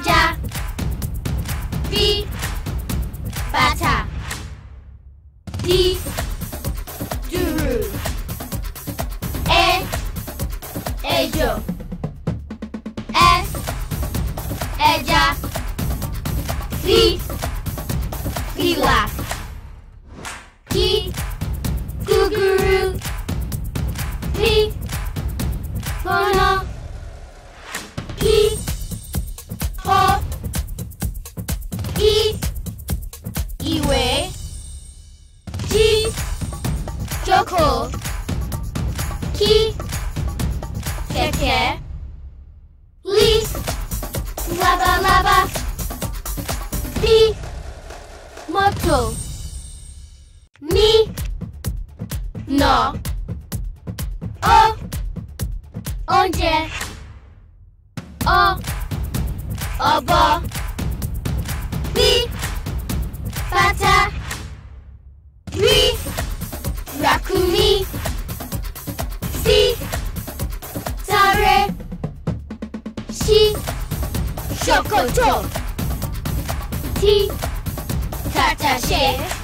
Raja B Bata D Duru A Ajo, S Eja C Fila local. Ki. Keke. Li. Lava lava. Di. Moto. Ni. No. O. Onje. O. Obo. Rakumi Si Tare Shi Shokoto Ti Tatashe